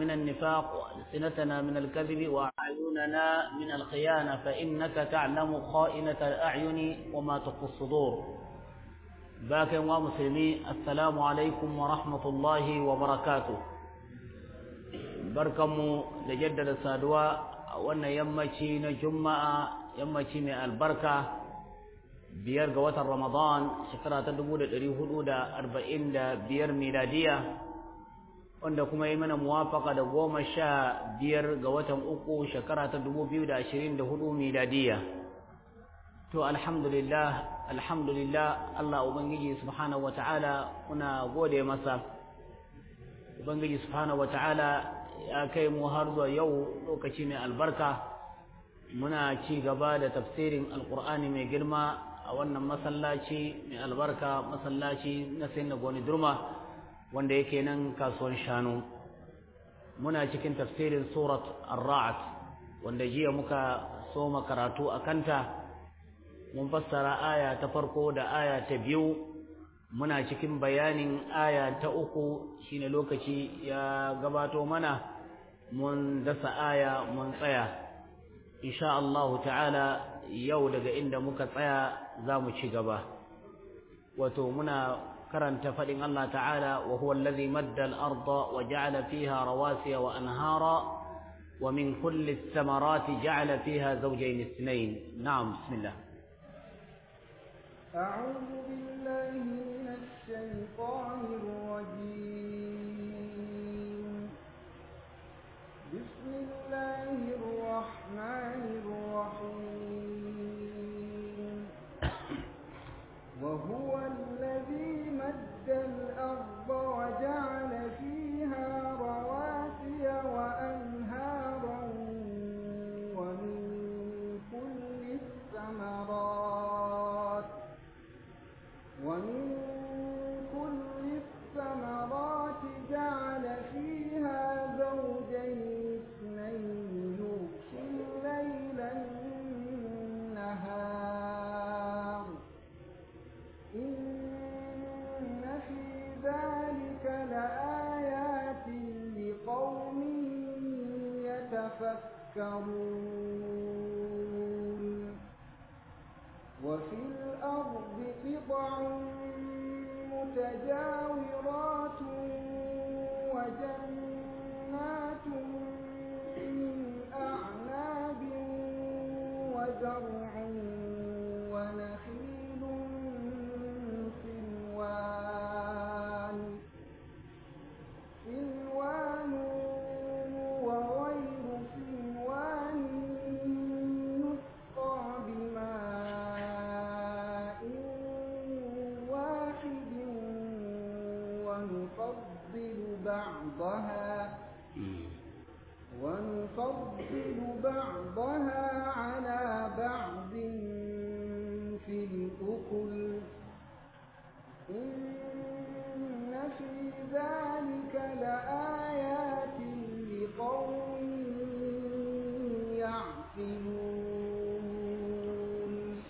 من النفاق وألسنتنا من الكذب وأعيننا من الخيانة فإنك تعلم خائنة الأعين وما تخفي الصدور باكم ومسلمي السلام عليكم ورحمة الله وبركاته بركم لجدد السادواء وأن يمشي نجمع يمشي من البركة بيرقوة رمضان شكرا تدبول الريهود أربعين بير ميلادية wanda kuma yi mana muwafaka da goma sha biyar ga watan uku shekara ta dubu biyu da ashirin da hudu miladiya to alhamdulillah alhamdulillah Allah Ubangiji subhanahu wa ta'ala muna gode masa Ubangiji subhanahu wa ta'ala ya kai mu har zuwa yau lokaci mai albarka muna ci gaba da tafsirin alkur'ani mai girma a wannan masallaci mai albarka masallaci na sai na goni durma wanda yake nan kasuwan shanu muna cikin tafsirin surat ar-ra'd wanda jiya muka soma karatu a kanta mun fassara aya ta farko da aya ta biyu muna cikin bayanin aya ta uku shine lokaci ya gabato mana mun dasa aya mun tsaya insha Allah ta'ala yau daga inda muka tsaya zamu ci gaba wato muna كرنت فلن الله تعالى وهو الذي مد الأرض وجعل فيها رواسي وأنهارا ومن كل الثمرات جعل فيها زوجين اثنين نعم بسم الله أعوذ بالله من الشيطان الرجيم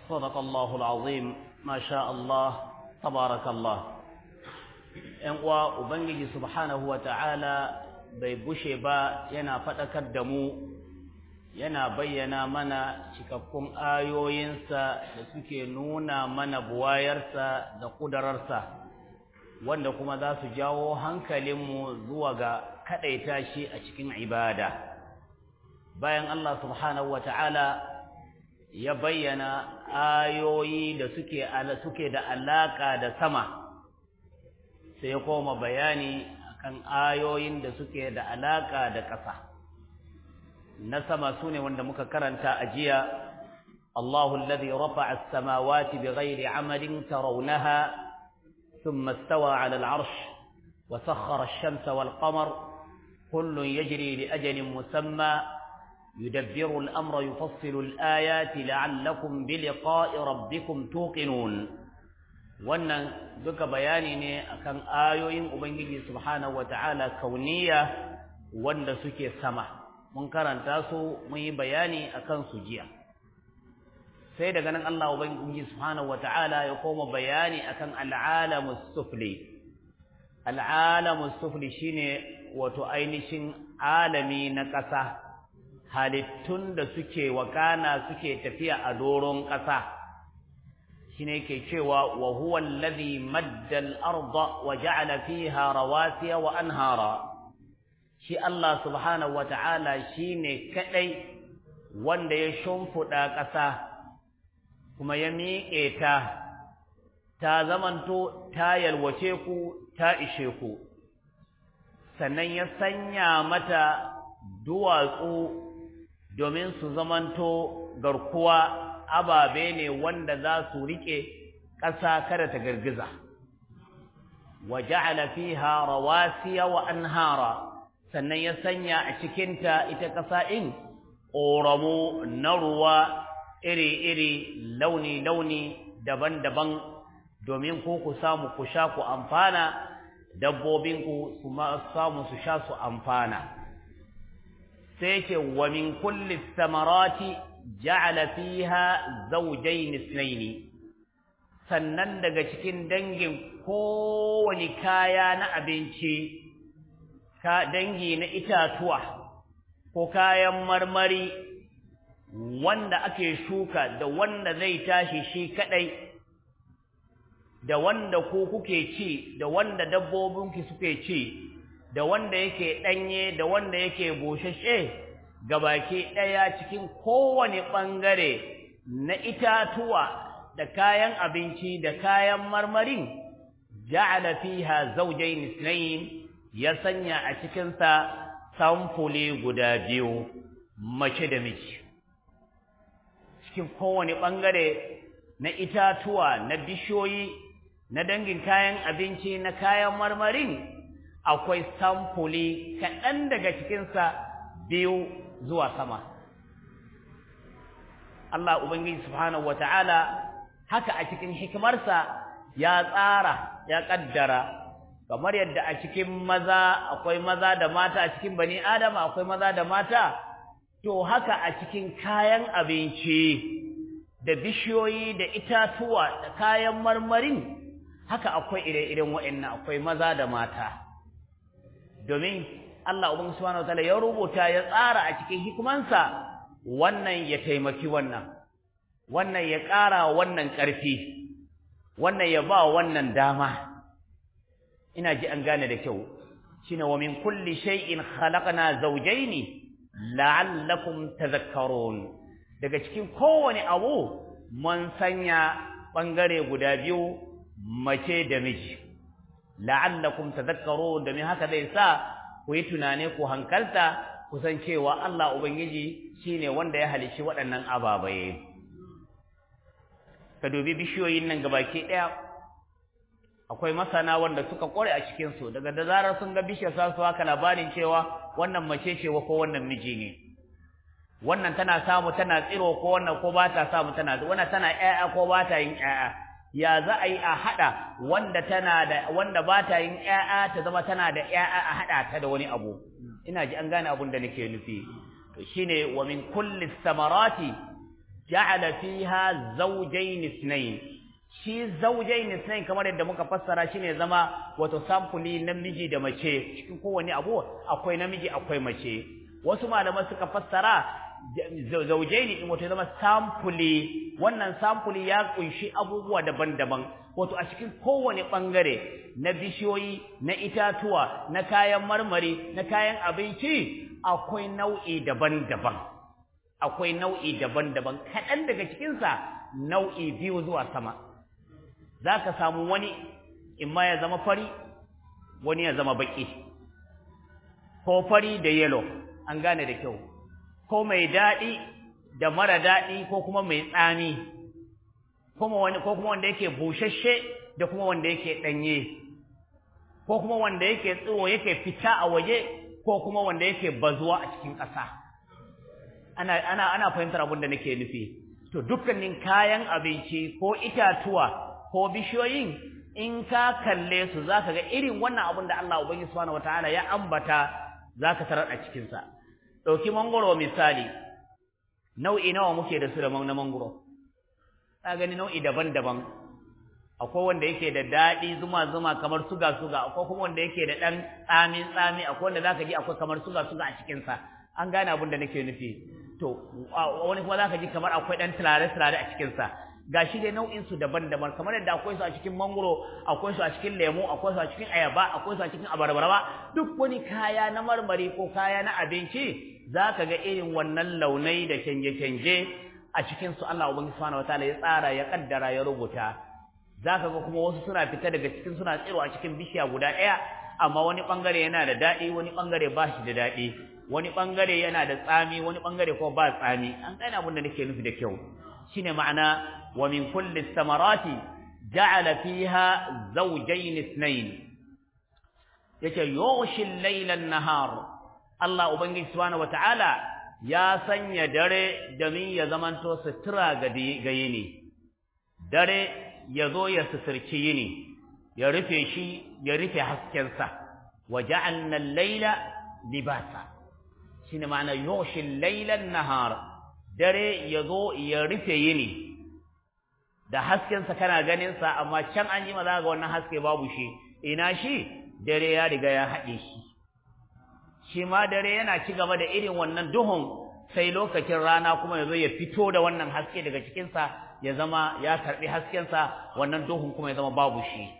صدق الله العظيم ما شاء الله تبارك الله ‘yan uwa Ubangiji subhanahu wa ta'ala bai bushe ba yana faɗakar da mu yana bayyana mana cikakkun ayoyinsa da suke nuna mana buwayarsa da ƙudararsa wanda kuma za su jawo hankalinmu zuwa ga kaɗaita tashi a cikin ibada bayan Allah subhanahu wa ta'ala ya bayyana ayoyi da suke ala suke da alaka da sama sai ya koma bayani akan ayoyin da suke da alaka da kasa na sama sune wanda muka karanta a jiya Allahu alladhi rafa'a as-samawati bighayri 'amalin tarawnaha thumma istawa 'ala al-'arsh wa sakhkhara ash-shamsa wal-qamara kullun yajri li ajalin musamma يدبر الأمر يفصل الآيات لعلكم بلقاء ربكم توقنون وأن ذلك بيانين كان آيوين أبنجي سبحانه وتعالى كونية وأن سكي السماء من كان تاسو من بياني أكان سجيا سيدة كان الله أبنجي سبحانه وتعالى يقوم بياني أكان العالم السفلي العالم السفلي شيني وتؤينشين عالمي نكسه halittun da suke wakana suke tafiya a doron ƙasa ne ke cewa wa huwa alladhi madda al ardha wa ja'ala fiha rawasiya wa anhara shi Allah subhanahu wa ta'ala shine kadai wanda ya shimfuda ƙasa kuma ya miƙe ta ta zamanto ta yalwace ku ta ishe ku sannan ya sanya mata duwatsu domin su zamanto garkuwa ababe ne wanda za su riƙe ƙasa kada ta girgiza wa ja'ala fiha rawasiya wa anhara sannan ya sanya a cikinta ita ƙasa in ƙoramu na ruwa iri-iri launi-launi daban-daban domin ku ku samu ku sha ku amfana dabbobinku su samu su sha su amfana sai ce wa min kulli samarati ja'ala fiha zawjayn ithnayn sannan daga cikin dangin kowani kaya na abinci ka dangi na itatuwa ko kayan marmari wanda ake shuka da wanda zai tashi shi kadai da wanda ku kuke ci da wanda dabbobinki suke ci da wanda yake ɗanye da wanda yake bushashe gabaki ɗaya cikin kowane bangare na itatuwa da kayan abinci da kayan marmarin ja'ala fiha zawjayn ithnayn ya sanya a cikin sa samfule guda biyu mace da miji cikin kowane bangare na itatuwa na bishoyi na dangin kayan abinci na kayan marmarin akwai samfuli kaɗan daga cikinsa biyu zuwa sama Allah Ubangiji subhanahu wa ta'ala haka a cikin hikimarsa ya tsara ya ƙaddara kamar yadda a cikin maza akwai maza da mata a cikin bani adama akwai maza da mata to haka a cikin kayan abinci da bishiyoyi da itatuwa da kayan marmarin haka akwai ire-iren waɗannan akwai maza da mata domin Allah ubangiji subhanahu wataala ya rubuta ya tsara a cikin hikimansa wannan ya taimaki wannan wannan ya ƙara wannan ƙarfi wannan ya ba wannan dama ina ji an gane da kyau shine wa min kulli shay'in khalaqna zawjayn la'allakum tadhakkarun daga cikin kowane abu mun sanya bangare guda biyu mace da miji la'allakum tadhakkarun dan haka zai sa ku yi tunane ku hankalta ku san cewa Allah ubangiji shine wanda ya halishi waɗannan ababaye ka dubi bishiyoyin nan gabaki daya akwai masana wanda suka kore a cikin su daga da zarar sun ga bishiyar sa su haka labarin cewa wannan mace ce ko wannan miji ne wannan tana samu tana tsiro ko wannan ko ba ta samu tana wannan tana ƴaƴa ko ba ta yin ƴaƴa ya za a yi a haɗa wanda tana da wanda ba ta yin ƴaƴa ta zama tana da ƴaƴa a haɗa ta da wani abu ina ji an gane abun da nake nufi to shine wa min kulli samarati ja'ala fiha zawjayn ithnayn shi zawjayn ithnayn kamar yadda muka fassara shine zama wato samfuli namiji da mace cikin kowane abu akwai namiji akwai mace wasu malamai suka fassara Zaujeni in wato zama samfuli wannan samfuli ya kunshi abubuwa daban-daban wato a cikin kowane bangare na bishiyoyi na itatuwa na kayan marmari na kayan abinci akwai nau'i daban-daban akwai nau'i daban-daban kaɗan daga cikinsa nau'i biyu zuwa sama za ka samu wani in ma ya zama fari wani ya zama baƙi ko fari da yelo an gane da kyau ko mai daɗi da mara daɗi ko kuma mai tsami ko kuma wanda yake bushashe da kuma wanda yake ɗanye ko kuma wanda yake tsiro yake fita a waje ko kuma wanda yake bazuwa a cikin ƙasa ana fahimtar abin da nake nufi to dukkanin kayan abinci ko itatuwa ko bishiyoyin in ka kalle su za ka ga irin wannan abin da Allah ubangiji subhanahu wataala ya ambata za ka tarar a cikinsa. sa Dauki mangoro misali nau'i nawa muke da su da na mangoro ta gani nau'i daban-daban akwai wanda yake da daɗi zuma-zuma kamar suga-suga akwai kuma wanda yake da ɗan tsami-tsami akwai wanda za ka ji akwai kamar suga-suga a cikinsa an gane abin da nake nufi to wani kuma za ka ji kamar akwai ɗan turare-turare a cikinsa gashi dai nau'in su daban-daban kamar yadda akwai su a cikin mangoro akwai su a cikin lemo akwai su a cikin ayaba akwai su a cikin abarbaraba duk wani kaya na marmari ko kaya na abinci zaka ga irin wannan launai da canje-canje a cikin su Allah ubangi subhanahu wataala ya tsara ya kaddara ya rubuta zaka ga kuma wasu suna fita daga cikin suna tsiro a cikin bishiya guda ɗaya amma wani bangare yana da daɗi wani bangare ba shi da daɗi wani bangare yana da tsami wani bangare kuma ba tsami an tsaya abin da nake nufi da kyau شنو معنى ومن كل الثمرات جعل فيها زوجين اثنين يغشي الليل النهار الله أبنجي سبحانه وتعالى يا سن يدري جميع زمن توسترى قيني دري يذو يا رفي شي يا يرفي حسكنسة وجعلنا الليل لباسا شنو معنى يغشي الليل النهار dare ya zo ya rufe yini da haskensa kana ganinsa amma can an yi maza ga wannan haske babu shi ina shi dare ya riga ya haɗe shi shi ma dare yana ci gaba da irin wannan duhun sai lokacin rana kuma ya zo ya fito da wannan haske daga cikinsa ya zama ya karɓi haskensa wannan duhun kuma ya zama babu shi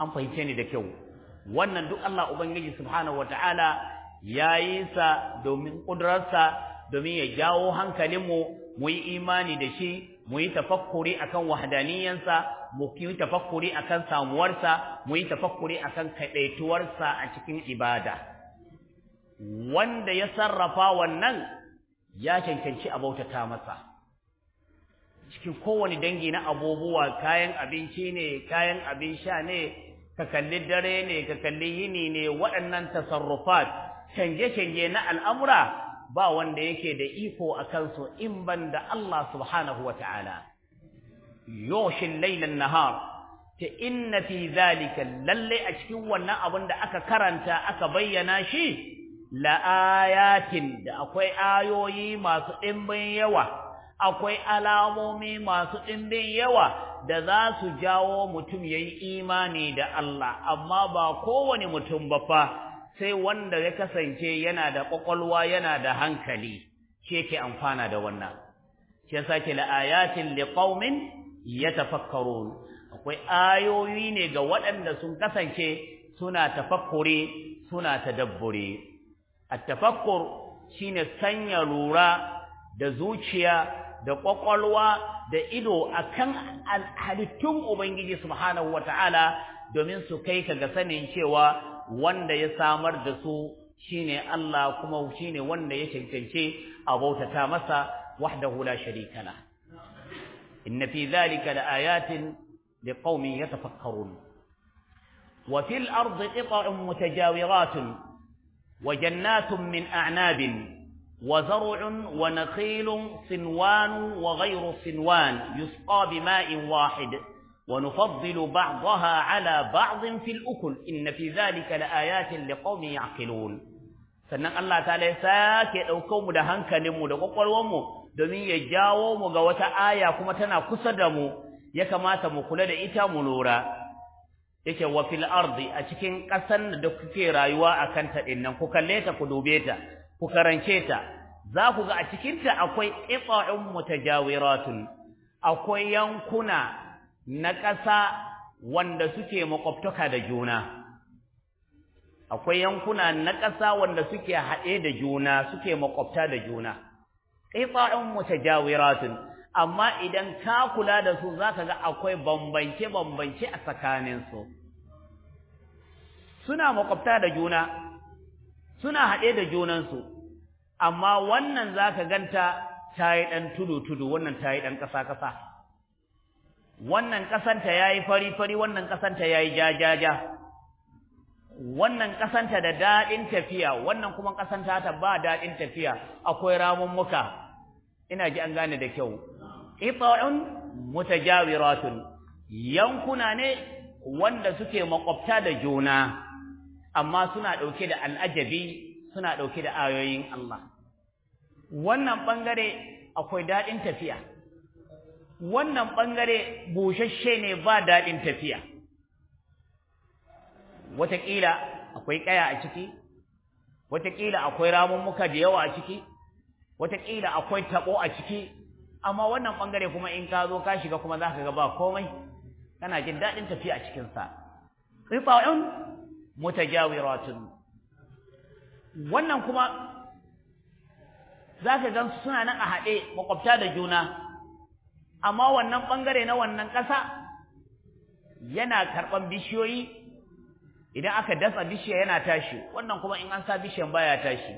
an fahimce ni da kyau wannan duk Allah Ubangiji subhanahu wataala ya yi sa domin ƙudurarsa domin ya jawo hankalinmu mu yi imani da shi mu yi tafakkuri akan wahdaniyansa mu yi tafakkuri akan samuwarsa mu yi tafakkuri akan kaɗaituwarsa a cikin ibada wanda ya sarrafa wannan ya cancanci a bautata masa cikin kowane dangi na abubuwa kayan abinci ne kayan abin sha ne ka kalli dare ne ka kalli yini ne waɗannan tasarrufat canje-canje na al'amura ba wanda yake da iko a kansu in ban da Allah subhanahu wa ta'ala. Yoshin lailan nahar, ta inna fi zalika lalle a cikin wannan abin da aka karanta aka bayyana shi, la'ayatin da akwai ayoyi masu ɗimbin yawa, akwai alamomi masu ɗimbin yawa da za su jawo mutum ya yi imani da Allah, amma ba kowane mutum ba fa. sai wanda ya kasance yana da kwakwalwa yana da hankali keke ke amfana da wannan shi yasa ke la ayatin liqaumin yatafakkarun akwai ayoyi ne ga waɗanda sun kasance suna tafakkure suna ta tadabbure A tafakkur shine sanya lura da zuciya da ƙwaƙwalwa, da ido a kan halittun ubangiji subhanahu wataala domin su kai ka ga sanin cewa wanda ya samar da su shine Allah kuma shine wanda ya cancance a bautata masa wahdahu la sharika la inna fi zalika dhalika laayatin liqaumin yatafakkarun wa fil ardi qita'un mutajawiratun wa jannatun min a'nabin وزرع ونخيل صنوان وغير صنوان يسقى بماء wahid ونفضل بعضها على بعض fil ukul inna fi zalika laayatin liqaumin yaqilun sannan Allah ta ya sake daukar mu da hankalin mu da kokorwar mu domin ya jawo mu ga wata aya kuma tana kusa da mu ya kamata mu kula da ita mu lura yake wa fil ardi a cikin kasan da kuke rayuwa akan ta din nan ku kalle ta ku dube ta ku karance ta za ku ga a cikin ta akwai qita'un mutajawiratun akwai yankuna na ƙasa wanda suke makwabtaka da juna akwai yankuna na ƙasa wanda suke haɗe da juna suke makwabta da juna qita'un mutajawiratun amma idan ka kula da su zaka ga akwai bambance bambance a tsakaninsu. suna makwabta da juna suna haɗe da junansu amma wannan za ka ganta tayi ɗan tudu tudu wannan tayi ɗan ƙasa ƙasa wannan kasanta yayi fari fari wannan kasanta yayi jajaja wannan kasanta da daɗin tafiya wannan kuma kasanta ta ba daɗin tafiya akwai ramun muka ina ji an gane da kyau ita'un mutajawiratun yankuna ne wanda suke makwabta da juna amma suna ɗauke da al'ajabi suna ɗauke da ayoyin Allah wannan ɓangare akwai daɗin tafiya wannan bangare bushashe ne ba daɗin tafiya wataƙila akwai kaya a ciki wataƙila akwai muka da yawa a ciki wataƙila akwai taɓo a ciki amma wannan ɓangare kuma in ka zo ka shiga kuma za ka ga ba komai kana jin daɗin tafiya a cikinsa rifa'un mutajawiratun wannan kuma za ka gan suna nan a haɗe makwabta da juna amma wannan bangare na wannan ƙasa yana karɓan bishiyoyi idan aka dasa bishiya yana tashi wannan kuma in an sa bishiyan baya tashi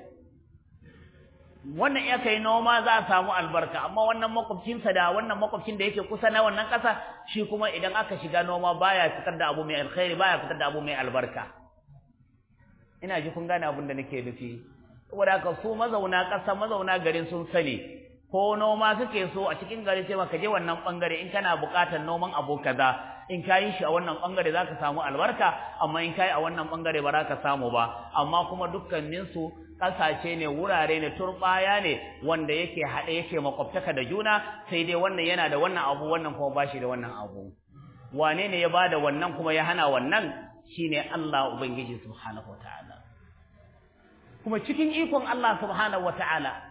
wannan ya kai noma za a samu albarka amma wannan makwabcinsa da wannan makwabcin da yake kusa na wannan ƙasa shi kuma idan aka shiga noma baya fitar da abu mai alkhairi baya fitar da abu mai albarka ina ji kun gane abin da nake nufi saboda haka su mazauna ƙasa mazauna garin sun sani ko noma kake so a cikin gari sai ka je wannan bangare in kana buƙatar noman abu kaza in kai shi a wannan bangare zaka samu albarka amma in kai a wannan bangare ba zaka samu ba amma kuma dukkanin su kasashe ne wurare ne turbaya ne wanda yake hade yake makwabtaka da juna sai dai wannan yana da wannan abu wannan kuma bashi da wannan abu wane ne ya bada wannan kuma ya hana wannan shine Allah ubangiji subhanahu wataala kuma cikin ikon Allah subhanahu wataala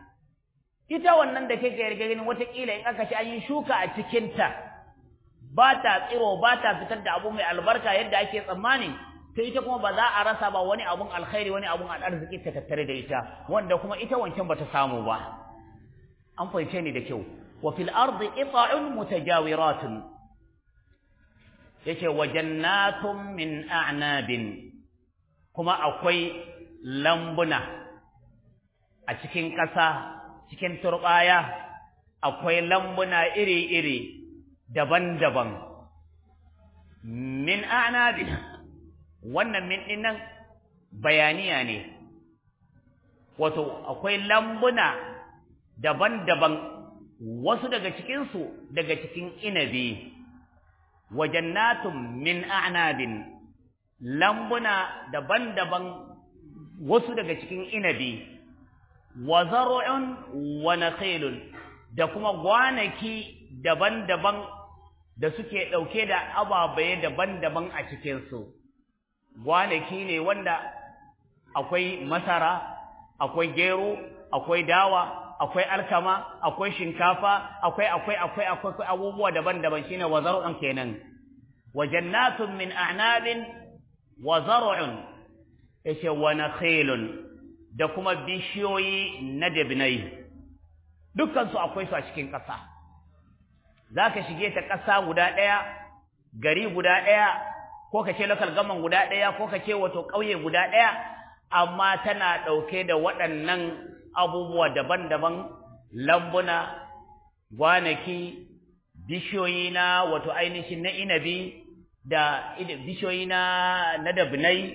ita wannan da kake yarda watakila in aka ci an yi shuka a cikinta ba ta tsiro ba ta fitar da abu mai albarka yadda ake tsammani to ita kuma ba za a rasa ba wani abun alkhairi wani abun arziki ta tattare da ita wanda kuma ita wancan ba ta samu ba an fahimce ni da kyau wa fil ardi ita'un mutajawiratun yake wa jannatun min a'nabin kuma akwai lambuna a cikin ƙasa cikin turɓaya akwai lambuna iri-iri daban-daban min anabi wannan min din nan bayaniya ne wato akwai lambuna daban-daban wasu daga cikinsu daga cikin inabi wa jannatun min a'nabin lambuna daban-daban wasu daga cikin inabi wa zar'un wa nakhilun da kuma gwanaki daban-daban da suke dauke da ababaye daban-daban a cikin su gwanaki ne wanda akwai masara akwai gero akwai dawa akwai alkama akwai shinkafa akwai akwai akwai akwai abubuwa daban-daban shine wa zar'un kenan wa jannatun min a'nabin wa zar'un yace wa nakhilun da kuma bishiyoyi na dabinai dukkansu akwai su a cikin ƙasa za ka shige ta ƙasa guda ɗaya gari guda ɗaya ko ka ce lokal gaman guda ɗaya ko ka ce wato ƙauye guda ɗaya amma tana ɗauke da waɗannan abubuwa daban-daban lambuna gwanaki bishiyoyi na wato ainihin na inabi da bishiyoyi na dabinai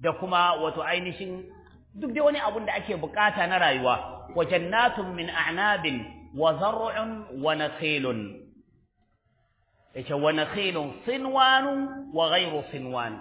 da kuma wato ainihin duk dai wani abun da ake bukata na rayuwa wa jannatun min a'nabin wa zar'un wa nakhilun yace wa nakhilun sinwanun wa ghayru sinwan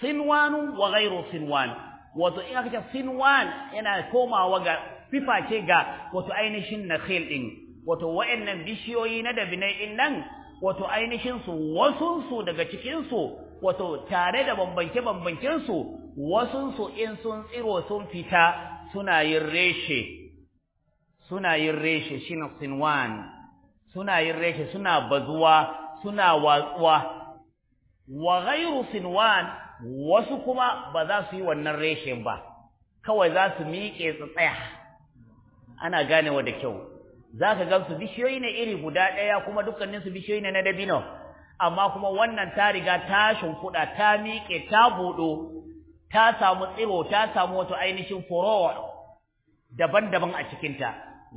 sinwanun wa ghayru sinwan wato in aka ce sinwan yana komawa ga fiface ga wato ainihin nakhil din wato wa'annan bishiyoyi na dabinai din nan wato ainihin su wasun su daga cikin su wato tare da bambance bambancen su wasun su in sun tsiro sun fita suna yin reshe suna yin reshe na sinwan suna yin reshe suna bazuwa suna watsuwa wa ghairu sinwan wasu kuma ba za su yi wannan reshe ba kawai za su miƙe tsaya ana ganewa da kyau zaka ga su bishiyoyi ne iri guda ɗaya kuma dukkanin bishiyoyi ne na dabino amma kuma wannan ta riga ta shimfuda ta miƙe ta buɗo ta samu tsiro ta samu wata ainihin furowa daban-daban a cikinta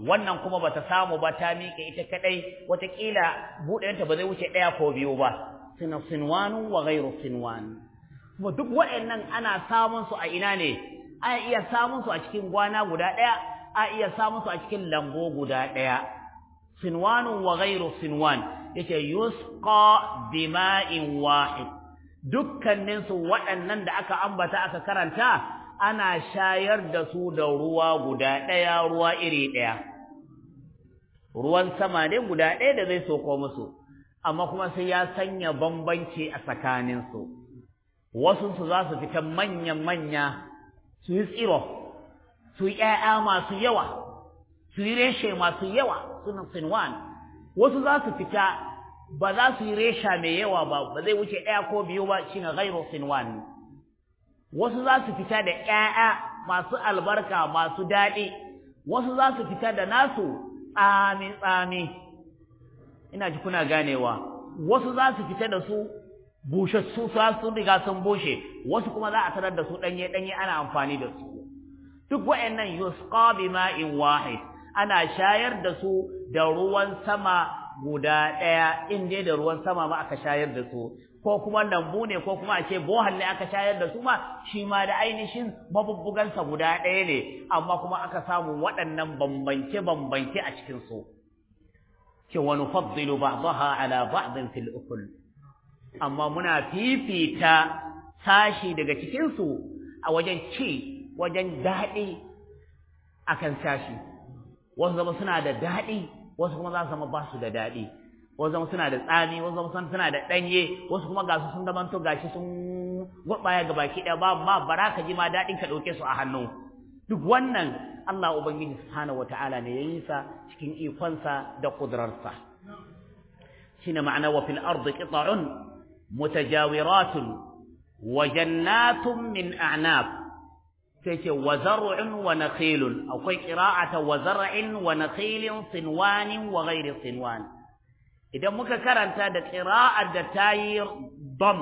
wannan kuma ba ta samu ba ta miƙe ita kaɗai watakila buɗayenta ba zai wuce ɗaya ko biyu ba suna sinwanu wa gairu sinwan kuma duk waɗannan ana samun su a ina ne a iya samun su a cikin gwana guda ɗaya a iya samun su a cikin lango guda ɗaya sinwanu wa gairu sinwan yake yusqa bima'in wahid dukkaninsu waɗannan da aka ambata aka karanta ana shayar da su da ruwa guda ɗaya ruwa iri ɗaya ruwan sama ne guda ɗaya da zai soko musu amma kuma sai ya sanya bambanci a tsakaninsu su za su fita manya-manya su yi tsiro su yi ‘ya'ya masu yawa su yi reshe masu yawa sunan sinwan wasu za su fita ba za su yi resha mai yawa ba ba zai wuce ɗaya ko biyu ba shi shine ghairu sinwan wasu za su fita da ƴaƴa masu albarka masu daɗi wasu za su fita da nasu tsami tsami ina ji kuna ganewa wasu za su fita da su bushe su sun riga sun bushe wasu kuma za a tarar da su ɗanye ɗanye ana amfani da su duk wa'annan yusqa bima'in wahid ana shayar da su da ruwan sama guda ɗaya in dai da ruwan sama ma aka shayar da su ko kuma lambu ne ko kuma a ce bohan ne aka shayar da su ma shi ma da ainihin mabubbugansa guda ɗaya ne amma kuma aka samu waɗannan bambance bambance a cikin su ce wa ba ba'daha ala ba'din fil ukul amma muna fifita sashi daga cikin su a wajen ci wajen daɗi akan sashi wasu zama suna da daɗi wasu kuma za su zama ba su da daɗi wasu zama suna da tsami wasu zama suna da ɗanye wasu kuma gasu sun to gashi sun gurɓaya ga baki ɗaya ba ma bara ka ji ma daɗin ka ɗauke su a hannu duk wannan Allah Ubangiji subhanahu wata'ala ne ya yi sa cikin ikonsa da ƙudurarsa. shi shine ma'ana wa fil ardi qita'un mutajawiratun wa jannatun min a'nab sai ce wa zar'un wa nakhilun akwai qira'ata wa zar'in wa nakhilin sinwanin wa ghairi sinwan idan muka karanta da qira'at da tayi dam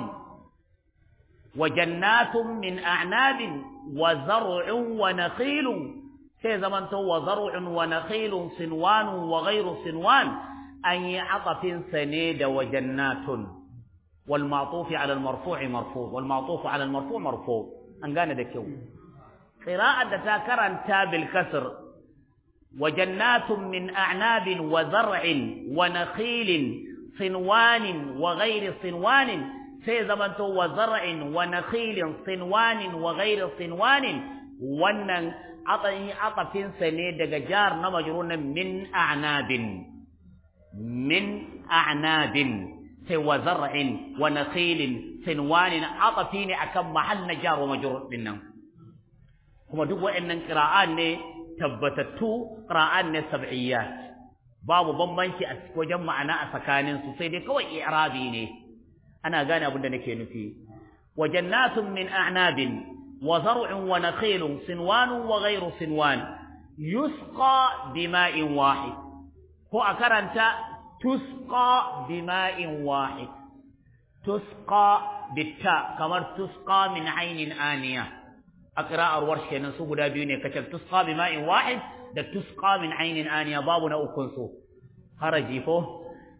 wa jannatun min a'nabin wa zar'un wa nakhilun sai zamanto wa zar'un wa nakhilun sinwanun wa ghairu sinwan an yi atafin sane da wa jannatun wal ma'tuf ala al marfu' marfu' wal ma'tuf ala al marfu' marfu' an gane da kyau قراءة تا تاب بالكسر وجنات من أعناب وزرع ونخيل صنوان وغير صنوان سيزمنت وزرع ونخيل صنوان وغير صنوان ونن أطني أطفين سنة دقجار نمجرون من أعناب من أعناب وزرع ونخيل صنوان أطفين أكم محل نجار ومجرون منهم kuma duk waɗannan ƙira'an ne tabbatattu ƙira'an ne sab'iyyat babu bambanci a wajen ma'ana a tsakanin su sai dai kawai i'rabi ne ana gane abin da nake nufi wa jannatun min a'nabin wa zar'un wa nakhilun sinwanun wa ghayru sinwan yusqa bima'in wahid ko a karanta tusqa bima'in wahid tusqa bitta kamar tusqa min ainin aqra'ar warsh kenan su guda biyu ne kacal tusqa bi ma'in wahid da tusqa min aynin aniya babu na ukun su haraji ko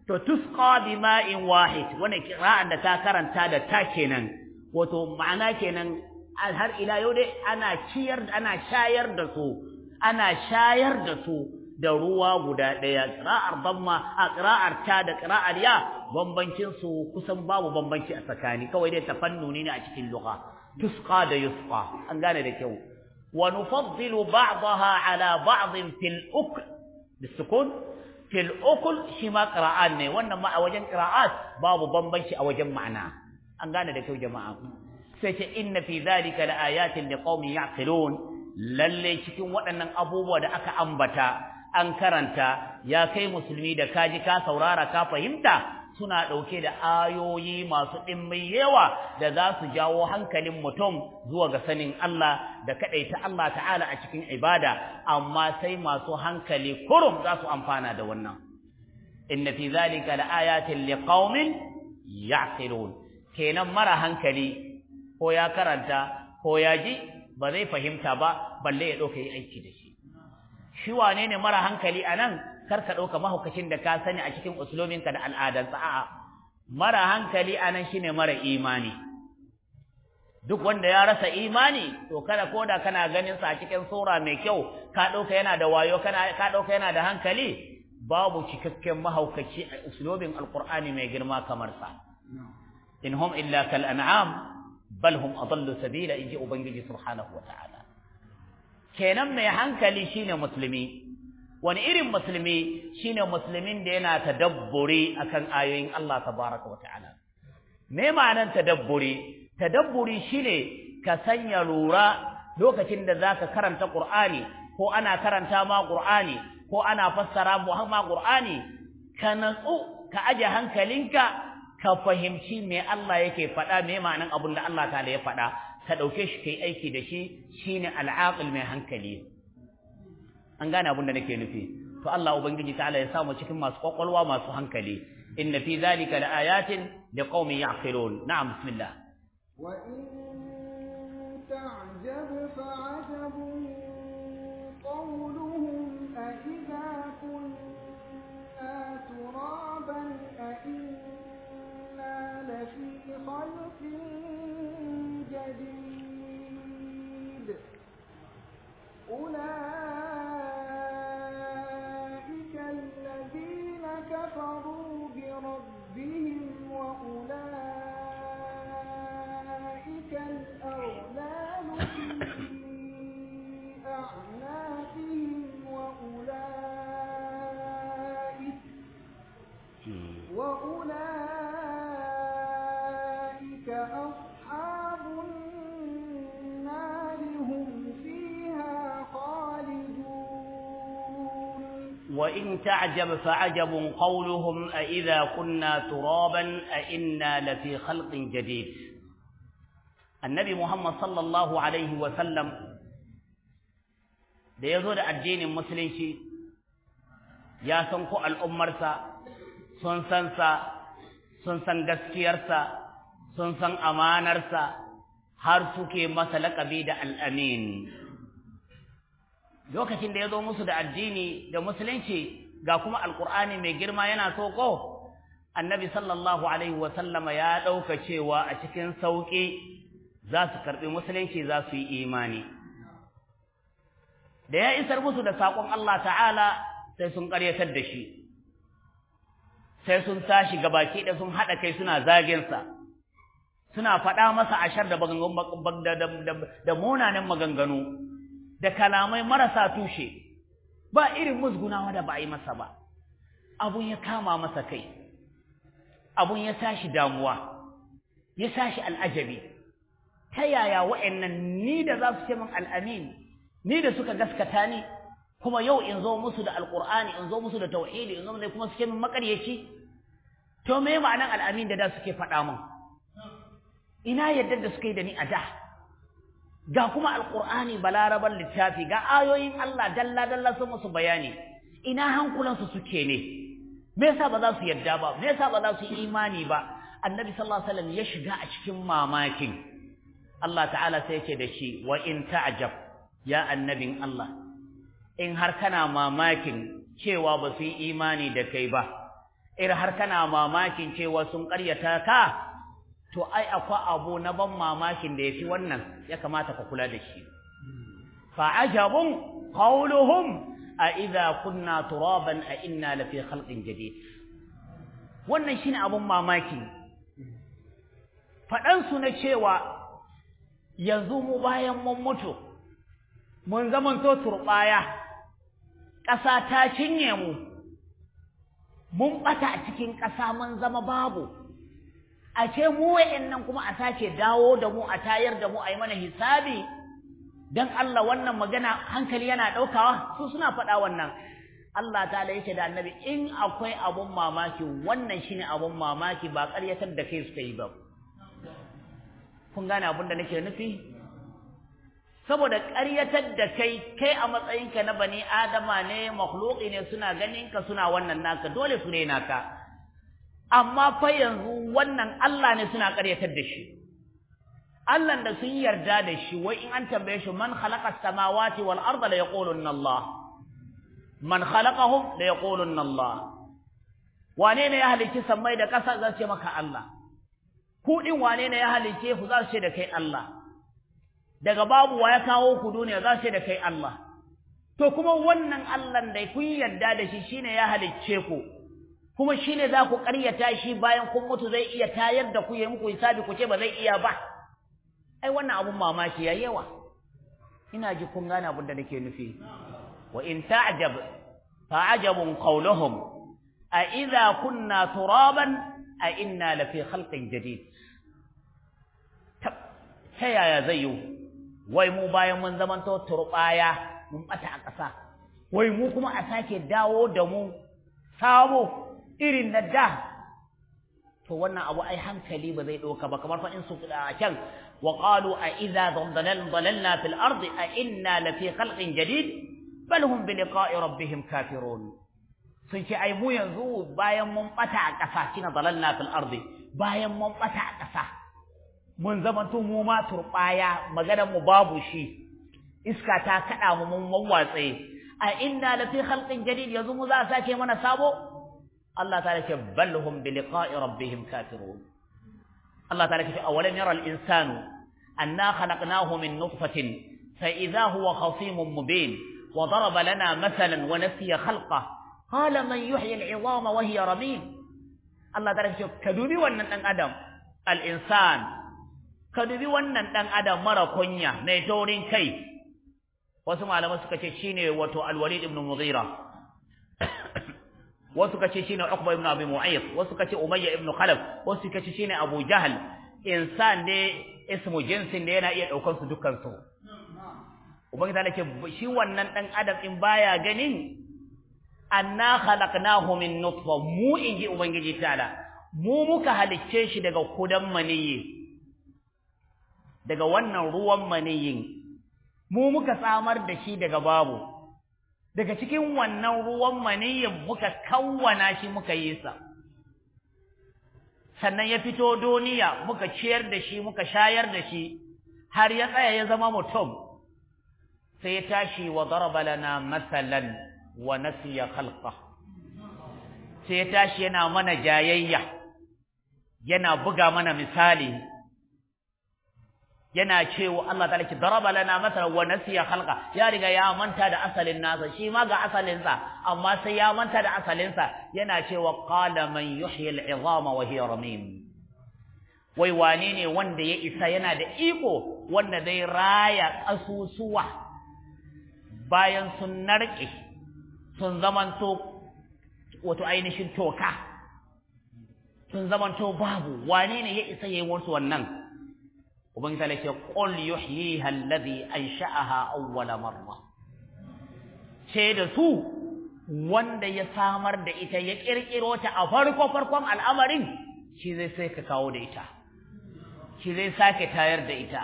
to tusqa bi ma'in wahid wannan qira'an da ta karanta da ta kenan wato ma'ana kenan har ila yau dai ana ciyar ana shayar da su ana shayar da su da ruwa guda ɗaya qira'ar damma ta da qira'ar ya bambancin su kusan babu bambanci a tsakani kawai dai tafannuni ne a cikin lugha تسقى دا يسقى أنقانا دا كيو ونفضل بعضها على بعض في الأكل بالسكون في الأكل شما قراءان وانما أوجن قراءات باب بمبنش أوجن معنى أنقانا دا كيو جماعة سيش إن في ذلك لآيات لقوم يعقلون lalle cikin waɗannan abubuwa da aka ambata an karanta ya kai musulmi da kaji ka saurara ka fahimta suna ɗauke da ayoyi masu ɗimbin yawa da za su jawo hankalin mutum zuwa ga sanin Allah da kaɗaita Allah ta'ala a cikin ibada amma sai masu hankali kurum za su amfana da wannan inna fi zalika laayatin liqaumin ya'qilun kenan mara hankali ko ya karanta ko ya ji ba zai fahimta ba balle ya yi aiki da shi shi wane ne mara hankali anan kar ka ɗauka mahaukacin da ka sani a cikin usulominka da al'adarsa a'a mara hankali anan shine mara imani duk wanda ya rasa imani to kada koda kana ganinsa a cikin sura mai kyau ka ɗauka yana da wayo kana ka ɗauka yana da hankali babu cikakken mahaukaci a usulobin alqur'ani mai girma kamar sa in hum illa kal an'am bal hum adallu sabila inji ubangiji subhanahu wa ta'ala kenan mai hankali shine musulmi wani irin musulmi shine musulmin da yana tadabburi akan ayoyin Allah tabaraka wataala me ma'anar tadabburi tadabburi shine ka sanya lura lokacin da zaka karanta Qur'ani ko ana karanta ma Qur'ani ko ana fassara ma Qur'ani ka natsu ka aje hankalinka ka fahimci me Allah yake faɗa me ma'anar abin da Allah ta'ala ya faɗa ka dauke shi kai aiki da shi shine al'aqil mai hankali an gane abin da nake nufi to Allah ubangiji ta'ala ya samu cikin masu kwakwalwa masu hankali inna fi zalika laayatin liqaumin ya'qilun na'am bismillah wa in ta'jab fa'ajabun qawluhum a idha kunna turaban a inna lafi khalqin jadid ulaa وأولئك أصحاب النار هم فيها خالدون وإن تعجب فعجب قولهم أإذا كنا ترابا أإنا لفي خلق جديد النبي محمد صلى الله عليه وسلم da ya zo da addinin musulunci ya sun san sa sun san gaskiyarsa sun san amanarsa har suke masa laƙabi da al'amin lokacin da ya zo musu da addini da musulunci ga kuma alƙur'ani mai girma yana soko annabi sallallahu alaihi wasallama ya ɗauka cewa a cikin sauƙi za su karɓi musulunci za su yi imani da ya isar musu da saƙon Allah ta'ala sai sun ƙaryatar da shi sai sun tashi gabaki da sun haɗa kai suna zagensa suna faɗa masa ashar da da munanan maganganu da kalamai marasa tushe ba irin musgunawa da ba a yi masa ba abun ya kama masa kai abun ya tashi damuwa ya tashi al'ajabi ta yaya wa'annan ni da za su ce min al'amin ni da suka gaskata ni kuma yau in zo musu da alqur'ani in zo musu da tauhidi in zo musu kuma suke min makaryaci to me ma'anan al'amin da da suke faɗa min ina yadda da suke da ni a da ga kuma alqur'ani balaraban littafi ga ayoyin Allah dalla dalla sun musu bayani ina hankulansu suke ne me yasa ba za su yadda ba me yasa ba za su imani ba annabi sallallahu alaihi wasallam ya shiga a cikin mamakin Allah ta'ala sai yake da shi wa in ta'jab ya annabin Allah in har kana mamakin cewa ba su yi imani da kai ba in har kana mamakin cewa sun ƙaryata ka to ai akwai abu na ban mamakin da ya fi wannan ya kamata ka kula da shi fa ajabun qawluhum a idza kunna turaban a inna lafi khalqin jadid wannan shine abun mamaki fadan su na cewa yanzu mu bayan mun mutu mun zamanto turbaya ƙasa ta cinye mu mun ɓata a cikin ƙasa mun zama babu a ce mu nan kuma a sake dawo da mu a tayar da mu a yi mana hisabi Don Allah wannan magana hankali yana ɗaukawa su suna faɗa wannan Allah ta'ala yake da annabi in akwai abun mamaki wannan shine abun mamaki ba ƙaryatar da kai suka yi ba kun gane abin da nake nufi saboda ƙaryatar da kai kai a matsayinka na bani adama ne makhluqi ne suna ganinka suna wannan naka dole su rena ka amma fa yanzu wannan Allah ne suna ƙaryatar da shi Allah da sun yarda da shi wai in an tambaye shi man khalaqa samawati wal arda la yaqulunna Allah man khalaqahum la yaqulunna Allah wane ne ya halicci sammai da ƙasa zai ce maka Allah ku din wane ne ya halicce ku za su ce da kai Allah daga babu wa ya kawo ku duniya za shi da kai Allah to kuma wannan Allah da ku yarda da shi shine ya halicce ku kuma shine za ku ƙaryata shi bayan kun mutu zai iya tayar da ku ya muku hisabi ku ce ba zai iya ba ai wannan abun mamaki ya yawa ina ji kun gane abin da nake nufi wa in ta'jab fa'ajabun qawluhum a idza kunna turaban a inna lafi khalqin jadid ta yaya zai yiwu wai mu bayan mun zamanto turbaya mun bata a ƙasa wai mu kuma a sake dawo da mu sabo irin na da to wannan abu ai hankali ba zai ɗauka ba kamar fa in su a can wa qalu a idza dhalalna fil ardi a inna la fi khalqin jadid bal hum bi liqa'i rabbihim kafirun sun ce ai mu yanzu bayan mun bata a ƙasa kina dhalalna fil ardi bayan mun bata a ƙasa mun zama zamanto mu ma turbaya maganar mu babu shi iska ta kada mu mun wawatse a inna la fi khalqin jadid yanzu mu za sake mana sabo Allah ta'ala ce balhum bi liqa'i rabbihim kafirun Allah ta'ala ce awalan yara al insanu anna khalaqnahu min nutfatin fa idha huwa khasimun mubin wa daraba lana mathalan wa nasiya khalqa qala man yuhyi al 'idhama wa hiya ramim Allah ta'ala ce ka wannan dan adam al insanu ka dubi wannan ɗan adam mara kunya mai taurin kai wasu malama suka ce shine wato al ibn muzira wasu kace shine Uqba ibn Abi Mu'ayth wasu kace Umayya ibn Khalaf wasu kace shine Abu Jahl insan ne ismu jinsin da yana iya daukar su dukkan su ubangi ta nake shi wannan dan adam in baya ganin anna khalaqnahu min nutfa mu inji ubangiji ta'ala mu muka halicce shi daga kudan maniyyi daga wannan ruwan maniyin mu muka samar da shi daga babu daga cikin wannan ruwan maniyin muka kawwana shi muka yi sa sannan ya fito duniya muka ciyar da shi muka shayar da shi har ya tsaya ya zama mutum sai ya tashi wa daraba lana masalan wa nasiya khalqa sai ya tashi yana mana jayayya yana buga mana misali yana cewa Allah ta'ala ki daraba lana masalan wa nasiya khalqa ya riga ya manta da asalin nasa shi ma ga asalin sa amma sai ya manta da asalin sa yana cewa qala man yuhyi al'izama wa hiya ramim wai wane ne wanda ya isa yana da iko wanda zai raya kasusuwa bayan sun narke sun zamanto wato ainihin toka sun zamanto babu wane ne ya isa yayin wasu wannan ubangiji Allah ce qul yuhyiha alladhi ansha'aha awwala marra ce da su wanda ya samar da ita ya kirkiro ta a farko farkon al'amarin shi zai sai ka kawo da ita shi zai sake tayar da ita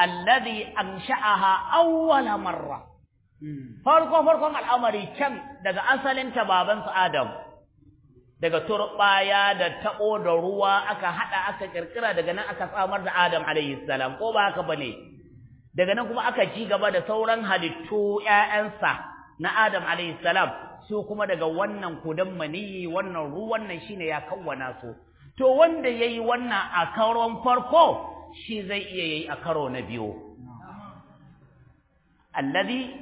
alladhi ansha'aha awwala marra farko farkon al'amari can daga asalin ta baban su Adam daga turbaya da tabo da ruwa aka hada aka kirkira daga nan aka samar da Adam alayhi salam ko ba haka bane daga nan kuma aka ci gaba da sauran halittu ƴaƴansa na Adam alayhi salam su kuma daga wannan kudan maniyi wannan ruwan nan shine ya kawwana su to wanda yayi wannan a karon farko shi zai iya yayi a karo na biyu alladhi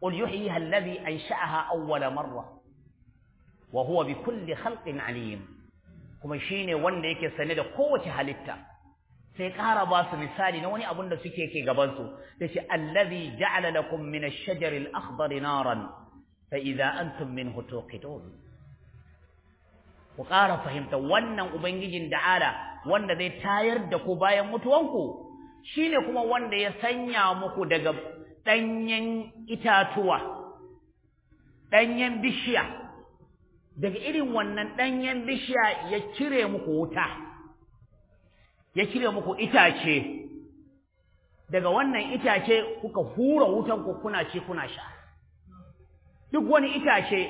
qul yuhyiha alladhi ansha'aha awwala marra wa huwa bi kulli khalqin alim kuma shine wanda yake sane da kowace halitta sai ƙara ba su misali na wani abun da suke yake gaban su yace allazi ja'ala lakum min ash-shajari al-akhdari naran fa idza antum minhu tuqidun ku ƙara fahimta wannan ubangijin da'ala wanda zai tayar da ku bayan mutuwanku shine kuma wanda ya sanya muku daga danyen itatuwa danyen bishiya daga irin wannan ɗanyen bishiya ya cire muku wuta ya cire muku itace daga wannan itace kuka hura wutan ku kuna ci kuna sha duk wani itace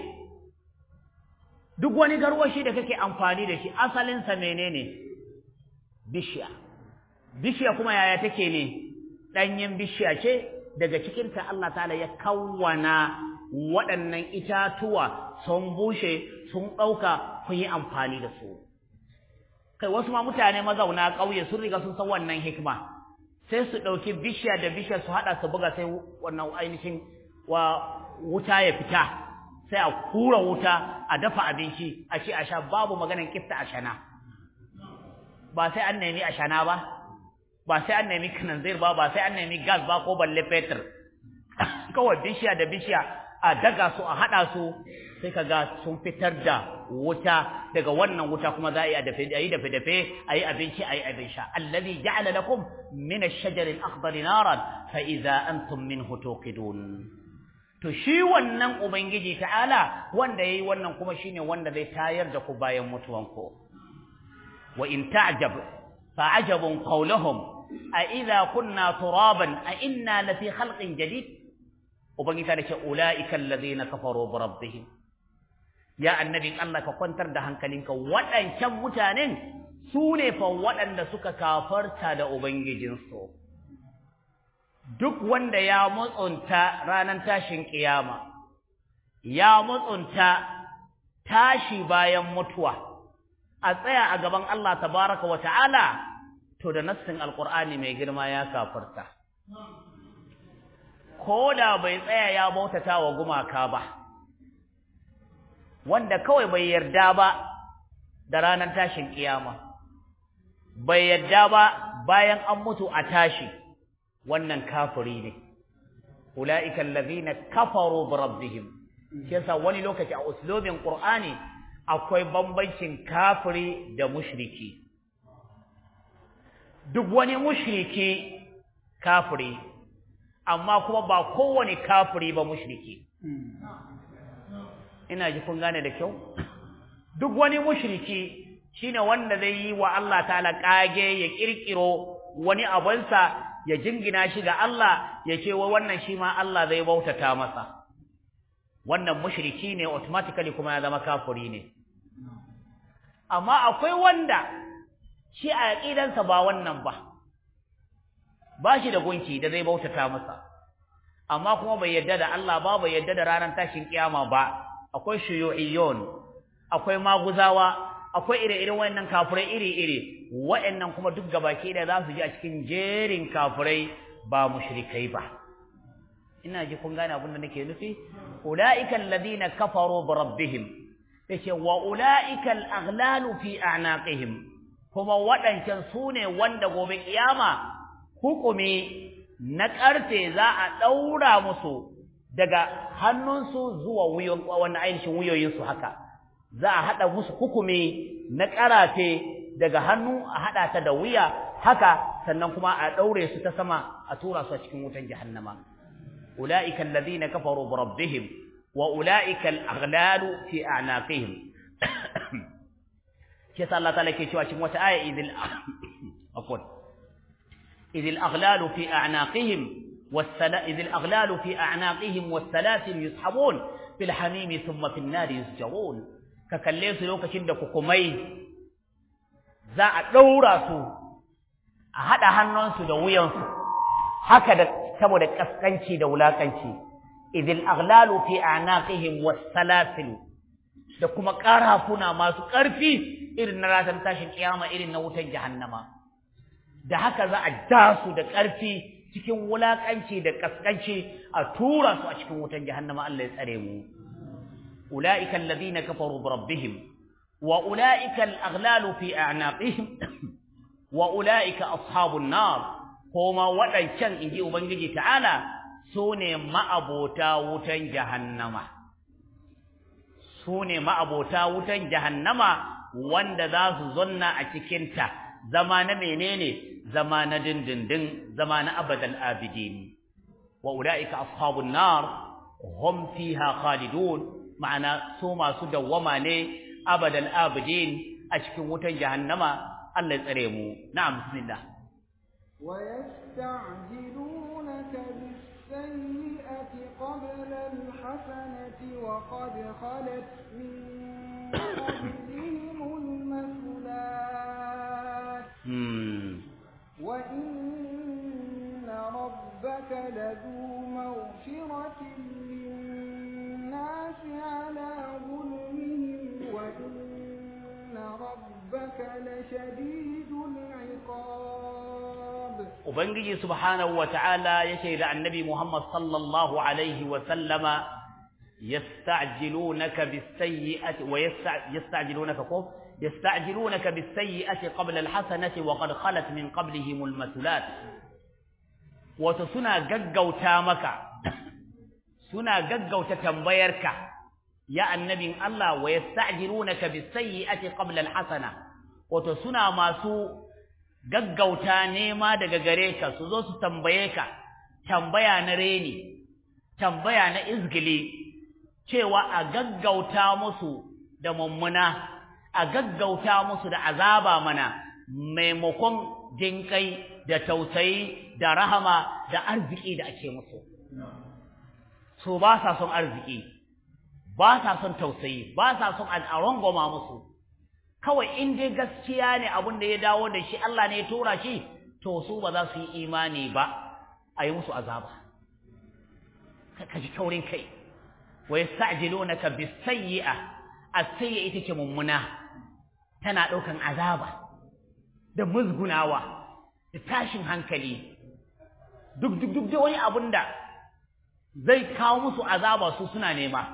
duk wani garwashi da kake amfani da shi asalinsa menene bishiya bishiya kuma yaya take ne ɗanyen bishiya ce daga cikinta Allah ta'ala ya kawwana waɗannan itatuwa sun bushe sun ɗauka kun yi amfani da su kai wasu ma mutane mazauna ƙauye sun riga sun san wannan hikima sai su ɗauki bishiya da bishiya su haɗa su buga sai wannan ainihin wa wuta ya fita sai a kura wuta a dafa abinci a ce a sha babu maganin kifta a shana ba sai an nemi a shana ba ba sai an nemi kananzir ba ba sai an nemi gas ba ko balle fetur kawai bishiya da bishiya a daga su a hada su sai kaga sun fitar da wuta daga wannan wuta kuma za a yi ayi dafe dafe a yi abinci a yi abin sha allazi ja'ala lakum min ash-shajar al-akhdar naran fa idza antum minhu tuqidun to shi wannan ubangiji ta'ala wanda yayi wannan kuma shine wanda zai tayar da ku bayan mutuwan ku wa in ta'jab fa ajabun qawluhum a idza kunna turaban a inna lafi khalqin jadid ubangi ta ce ulaika allazina kafaru bi rabbihim ya annabi Allah ka kwantar da hankalinka waɗancan mutanen su ne fa waɗanda suka kafarta da ubangijinsu duk wanda ya mutsunta ranar tashin kiyama ya mutsunta tashi bayan mutuwa a tsaya a gaban Allah tabaraka wa ta'ala to da nassin alqur'ani mai girma ya kafarta ko da bai tsaya ya bautata wa gumaka ba wanda kawai bai yarda ba da ranar tashin kiyama bai yarda ba bayan an mutu a tashi wannan kafiri ne ulaiikal ladina kafaru bi rabbihim kisa wani lokaci a uslubin qur'ani akwai bambancin kafiri da mushriki duk wani mushriki kafiri amma kuma ba kowane kafiri ba mushriki ina ji kun gane da kyau duk wani mushriki shine wanda zai yi wa Allah ta'ala kage ya kirkiro wani abunsa ya jingina shi ga Allah ya ce wa wannan shi ma Allah zai bautata masa wannan mushriki ne automatically kuma ya zama kafiri ne amma akwai wanda shi a aqidansa ba wannan ba ba shi da gunki da zai bautata masa amma kuma bai yarda da Allah ba bai yadda da ranar tashin kiyama ba akwai shuyu'iyyon akwai maguzawa akwai ire-iren wayannan kafirai iri-iri wayannan kuma duk gabaki da za su ji a cikin jerin kafirai ba mushrikai ba ina ji kun gane abin da nake nufi ulaika ladina kafaru bi rabbihim yace wa ulaika al-aghlalu fi a'naqihim kuma wadancan sune wanda gobe kiyama hukumi na ƙarfe za a ɗaura musu daga hannunsu zuwa wani ainihin wuyoyinsu haka za a haɗa musu hukume na ƙarafe daga hannu a haɗa ta da wuya haka sannan kuma a ɗaure su ta sama a tura su a cikin wutan jahannama ula'ikan allazina kafaru bi rabbihim wa ula'ika al-aghlalu fi a'naqihim shi yasa Allah ta'ala ke cewa cikin wata aya idil afwan إذ الأغلال في أعناقهم والسل... إذ الأغلال في أعناقهم والسلاسل يسحبون في الحميم ثم في النار يسجرون ككليس لوك شندك كمي زاء دورة هذا هنون سدوين هكذا تبدأ كسكنشي دولا كنشي إذ الأغلال في أعناقهم والسلاسل لكم كارها فنا ما سكر فيه إذ نراتم تمتاش القيامة إذ نوتن جهنما da haka za a ja su da ƙarfi cikin wulaƙanci da ƙasƙanci a tura su a cikin wutan jahannama Allah ya tsare mu ulaika alladhina kafaru bi rabbihim wa ulaika al-aghlalu fi a'naqihim wa ulaika ashabun nar koma waɗancan inji ubangiji ta'ala sune ma'abota wutan jahannama Sune ma'abota wutan jahannama wanda za su zonna a cikinta zama na menene zama na dindindin zama na abadal abidin wa ulaika ashabun nar hum fiha khalidun ma'ana su masu dawwama ne abadal abidin a cikin wutan jahannama Allah ya tsare mu na'am bismillah wa yasta'jilunaka bis-sayyi'ati qabla al-hasanati wa qad khalat min وإن ربك لذو مغفرة للناس على ظلمهم وإن ربك لشديد العقاب وبنجي سبحانه وتعالى يشهد عن النبي محمد صلى الله عليه وسلم يستعجلونك بالسيئة ويستعجلونك كفر يستعجلونك بالسيئة قبل الحسنة وقد خلت من قبلهم المثلات وتسنى ججو تامك سنى ججو تتنبيرك يا النبي الله ويستعجلونك بالسيئة قبل الحسنة وتسنى ما سوء ججو تانيما دقاريك سوزوس تنبيك تنبيا نريني تنبيا نئزقلي شوى أججو تامسو دممنا a gaggauta musu da azaba mana maimakon jinkai da tausayi da rahama da arziki da ake musu Su ba sa son arziki ba sa son tausayi ba sa son al'aron goma musu kawai in dai gaskiya ne abin da ya dawo da shi Allah ne ya tura shi to su ba za su yi imani ba a yi musu azaba ka ji taurin kai wa yasta'jilunaka bis sayyi'a as-sayyi'a ita ce mummuna tana ɗaukan azaba da muzgunawa da tashin hankali duk duk duk wani abun da zai kawo musu azaba su suna nema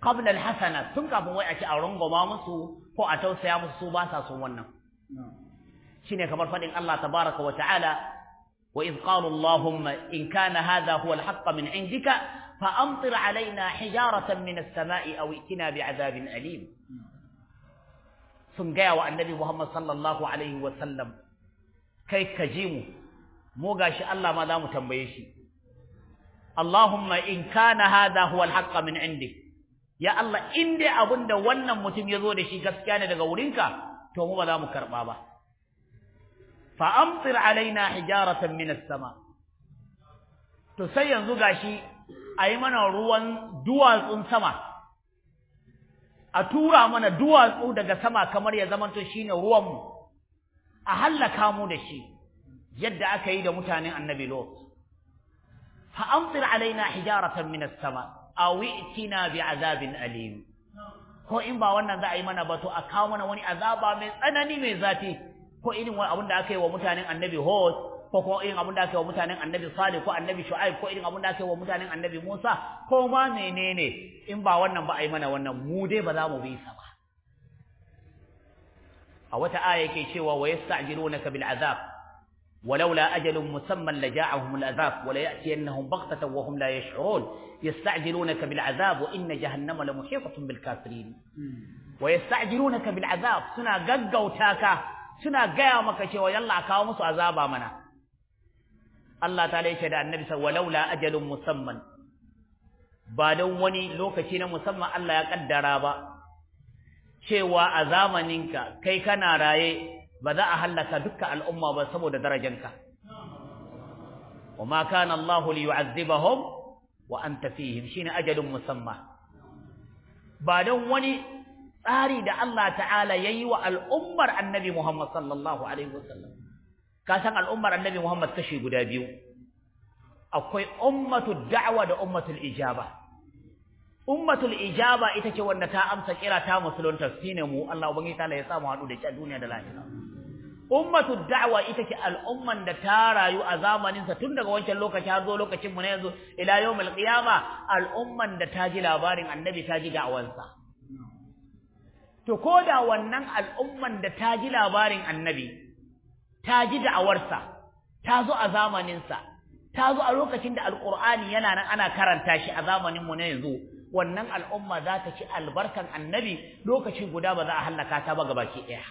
qabla alhasana tun kafin wai a ci auren goma musu ko a tausaya musu su ba sa son wannan shine kamar fadin Allah tabaaraka wa ta'ala wa idh qala allahumma in kana hadha huwa alhaqq min indika fa amtir فأمطر علينا حجارة من السماء أو ائتنا بعذاب أليم sun gaya wa annabi Muhammad sallallahu alaihi wasallam kai ka ji mu mu gashi Allah ma za mu tambaye shi Allahumma in kana hadha huwa al-haqq min indik ya Allah in dai abinda wannan mutum ya zo da shi gaskiya ne daga wurinka to mu ba za mu karba ba fa amtir alaina hijaratan min as-sama to sai yanzu gashi ayi mana ruwan duwatsun sama a tura mana duwatsu daga sama kamar ya zamanto shine ruwanmu a hallaka mu da shi yadda aka yi da mutanen annabi lot fa amtir alaina hijaratan min as-sama aw i'tina azabin alim ko in ba wannan za a yi mana ba to a kawo mana wani azaba mai tsanani mai zafi ko irin abin da aka yi wa mutanen annabi host ko ko irin abin da ake wa mutanen annabi salih ko annabi shu'aib ko irin abin da ake wa mutanen annabi musa ko ma menene in ba wannan ba a yi mana wannan mu dai ba za mu bi sa ba a wata aya yake cewa wa yasta'jilunaka bil azab ولولا أجل مسمى لجاءهم العذاب وليأتينهم بغتة وهم لا يشعرون يستعجلونك بالعذاب وإن جهنم لمحيطة بالكافرين ويستعجلونك بالعذاب سنا ققوا تاكا سنا قيامك شوى يلا كاومس عذابا منا Allah ta yake da annabi sa walaula ajalun musamman ba don wani lokaci na musamman Allah ya kaddara ba cewa a zamaninka kai kana raye ba za a hallaka dukkan al'umma ba saboda darajanka wa ma kana Allah li yu'azzibahum wa ajalun musamman ba don wani tsari da Allah ta'ala ya yi wa al'ummar annabi Muhammad sallallahu Alaihi wasallam ka san al'ummar annabi Muhammad kashi guda biyu akwai ummatu da'wa da ummatul ijaba ummatul ijaba ita ce wanda ta amsa kira ta musulunta sine mu Allah ubangi ta ya samu hadu da shi a duniya da lahira ummatu da'wa ita ce al'umman da ta rayu a zamanin sa tun daga wancan lokaci har zo lokacin mu na yanzu ila yawmul qiyama al'umman da ta ji labarin annabi ta ji sa To ko da wannan al'umman da ta ji labarin annabi, ta ji da'awarsa ta zo a zamaninsa ta zo a lokacin da alƙur'ani yana nan ana karanta shi a zamanin mu na yanzu wannan al'umma za ta ci albarkan annabi lokaci guda ba za a hallaka ta ba gabaki daya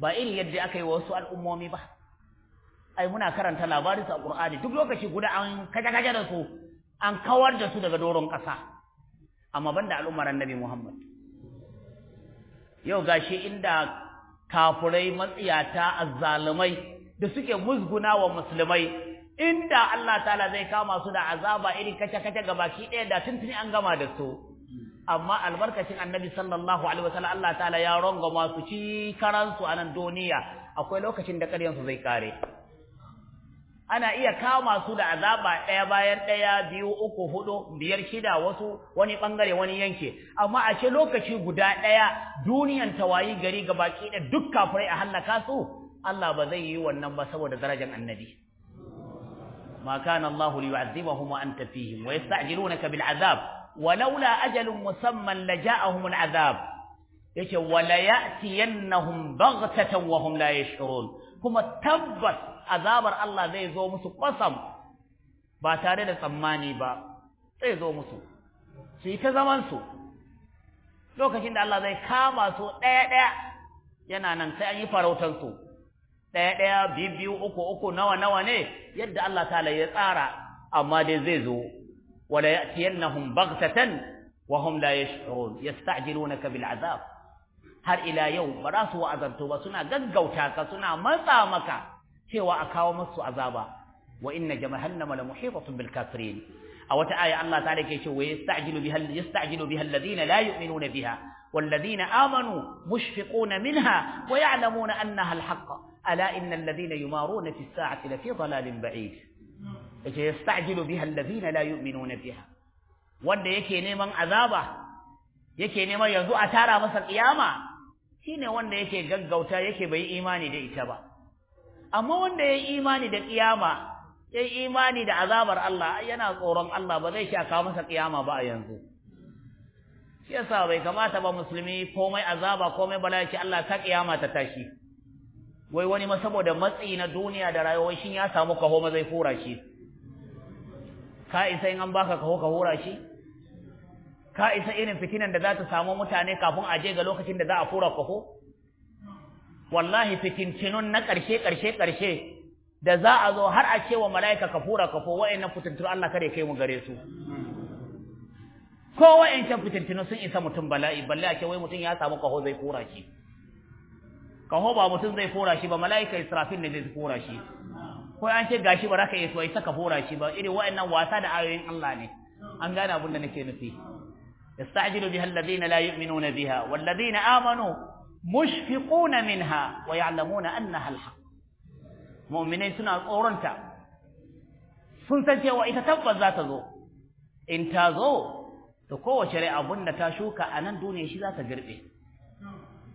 ba iri yadda aka yi wasu al'ummomi ba ai muna karanta labarin a ƙurani duk lokaci guda an kaja kaja da su an kawar da su daga doron ƙasa amma banda al'ummar Annabi Muhammad yau gashi inda kafurai matsiyata azzalumai da suke musguna wa musulmai inda Allah ta'ala zai kama su da azaba irin kace kace baki ɗaya da tuntuni an gama da su amma albarkacin annabi sallallahu alaihi wasallam Allah ta'ala ya rongo masu ci karansu a nan duniya akwai lokacin da ƙaryansu zai kare ana iya kama su da azaba daya bayan daya biyu uku hudu biyar shida wasu wani bangare wani yanke amma a ce lokaci guda daya duniyan tawayi gari gabaki da duk kafirai a halaka su Allah ba zai yi wannan ba saboda darajar annabi ma kana Allah li yu'azzibahum wa anta fihim wa yasta'jilunaka bil azab wa laula ajalun musamman la ja'ahum al azab yace wala ya'tiyannahum baghtatan wa hum la yash'urun kuma tabbas azabar Allah zai zo musu kwasam ba tare da tsammani ba zai zo musu shi ta zaman su lokacin da Allah zai kama su daya daya yana nan sai an yi farautar su daya daya biyu biyu uku uku nawa nawa ne yadda Allah ta'ala ya tsara amma dai zai zo wala ya'tiyannahum baghtatan wa hum la yash'urun yasta'jilunaka bil azab har ila yau ba za su wa'azanto ba suna gaggauta ka suna matsa maka cewa a kawo masu azaba wa inna jahannama la muhitatun bil kafirin a wata aya Allah ta rike ce wa yastajilu biha yastajilu biha alladhina la yu'minuna biha wal ladina amanu mushfiquna minha wa ya'lamuna annaha al haqq ala inna alladhina yumaruna الذين sa'ati la fi لفي ba'id بعيد yasta'jilu بها الذين la yu'minuna biha wanda yake neman azaba yake neman yanzu a tara masa kiyama shine wanda yake gaggauta yake bai imani da ita ba amma wanda ya yi imani da kiyama ya imani da azabar Allah yana tsoron Allah ba zai shaka masa kiyama ba a yanzu shi yasa bai kamata ba musulmi komai azaba komai bala ce Allah ta kiyama ta tashi wai wani ma saboda matsi na duniya da rayuwar shi ya samu kaho ma zai fura shi ka isa in an baka kaho ka hura shi ka isa irin fitinan da za ta samu mutane kafin a je ga lokacin da za a fura kaho wallahi fitintinun na ƙarshe ƙarshe ƙarshe da za a zo har a ce wa mala'ika kafura kafo wa'annan fitintinu Allah kare kai mu gare su ko wa'ancan fitintinu sun isa mutum bala'i balle a ce wai mutum ya samu kaho zai fura shi kaho ba mutum zai fura shi ba mala'ika israfil ne zai fura shi ko an ce gashi ba raka yeso isa ka fura shi ba irin wa'annan wasa da ayoyin Allah ne an gane abin da nake nufi yastajilu biha alladhina la yu'minuna biha walladhina amanu mushfiquna minha wa ya'lamuna annaha alhaq mu'minai suna tsoronta sun san cewa ita tabbas za ta zo in ta zo to kowace rai abunda ta shuka a nan duniya shi za ta girbe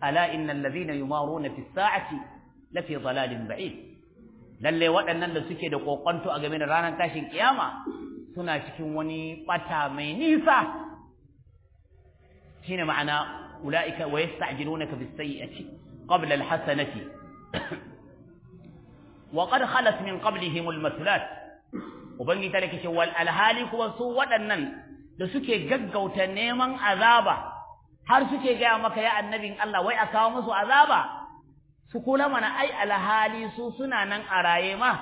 ala innal ladhina yumaruna fi sa'ati la fi dhalalin ba'id lalle waɗannan da suke da kokonto a game da ranar tashin kiyama suna cikin wani bata mai nisa shine ma'ana أولئك ويستعجلونك بالسيئة قبل الحسنة وقد خلت من قبلهم المثلات وبنجي تلك شوال الهالك وسوء ودنن da suke gaggauta neman azaba har suke gaya maka ya annabin Allah wai a kawo musu azaba su kula mana ai alhali su suna nan a raye ma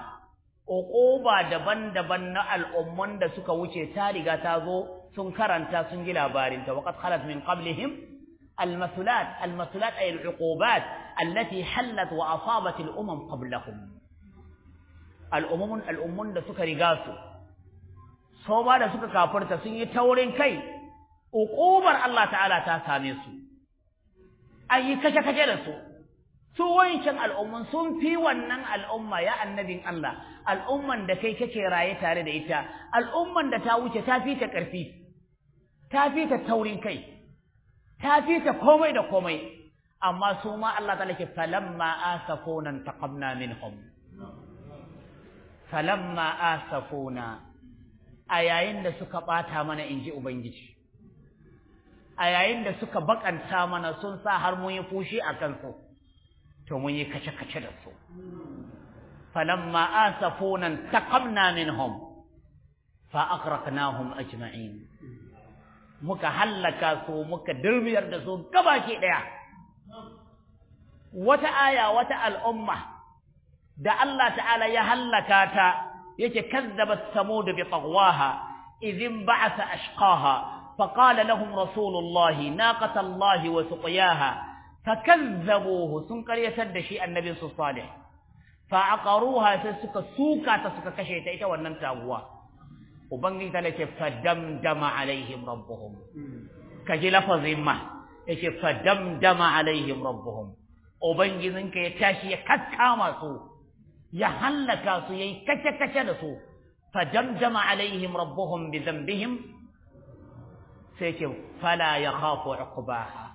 Oƙoba daban-daban na al'umman da suka wuce ta riga ta zo sun karanta sun ji labarinta waqad khalat min qablihim المثلات المثلات أي العقوبات التي حلت وأصابت الأمم قبلهم الأمم الأمم لسك رقاسوا صوبا لسك كافر تسيني تورين كي أقوبر الله تعالى تاسانيسوا أي كشا كجلسوا سوين شن الأمم سن في ونن الأمة يا النبي الله الأمم دكي كشي راية تاريد إيتا الأمم دتاوي تتافي تكرفي تافي تتورين كي ta fi ta komai da komai amma su ma Allah ta ke falamma asafuna taqamna minhum falamma asafuna a yayin da suka bata mana inji ubangiji a yayin da suka bakanta mana sun sa har mun yi fushi a kansu to mun yi kace-kace da su falamma asafuna taqamna minhum fa aghraqnahum ajma'in muka halaka su muka dirbiyar da su gabaki daya wata aya wata al'umma da Allah ta'ala ya halaka ta yake kazzabat samud bi tagwaha idhin ba'atha ashqaha lahum rasulullahi naqatallahi wa فقال لهم رسول الله ناقة الله وسقياها فكذبوه سنقر fa aqaruha sai suka suka ta suka kashe ta ita wannan هو ubangiji ta ce fadamdama alaihim rabbuhum hmm. kaji lafazin ma yace fadamdama alaihim rabbuhum ubangijinka ya tashi ya kakkama su ya hallaka su yayi kace kace da su fadamdama alaihim rabbuhum bi dhanbihim sai ke fala ya yakhafu uqbaha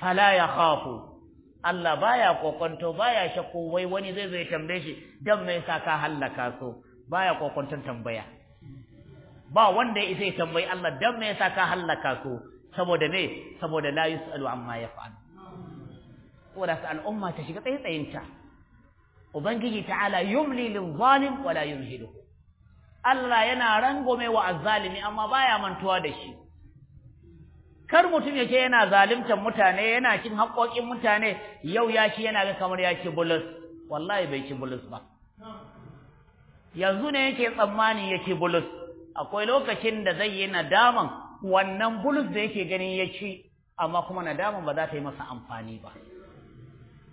fala ya yakhafu Allah baya kokonto baya shakku wai wani zai zai tambaye shi dan me yasa ka hallaka su baya kokwanton tambaya ba wanda ya isa ya tambayi Allah dan me yasa ka halaka ko saboda me saboda la yusalu amma yaf'al saboda al'umma ta shiga tsaye ta ubangiji ta'ala yumli lil zalim wa la yumhilu Allah yana rangome wa azzalimi amma baya mantuwa da shi kar mutum yake yana zaluntar mutane yana cin haƙoƙin mutane yau ya ci yana ga kamar ya ci bulus wallahi bai ci bulus ba yanzu ne yake tsammani yake bulus akwai lokacin da zai yi nadaman wannan bulus da yake ganin ya ci amma kuma nadaman ba za ta yi masa amfani ba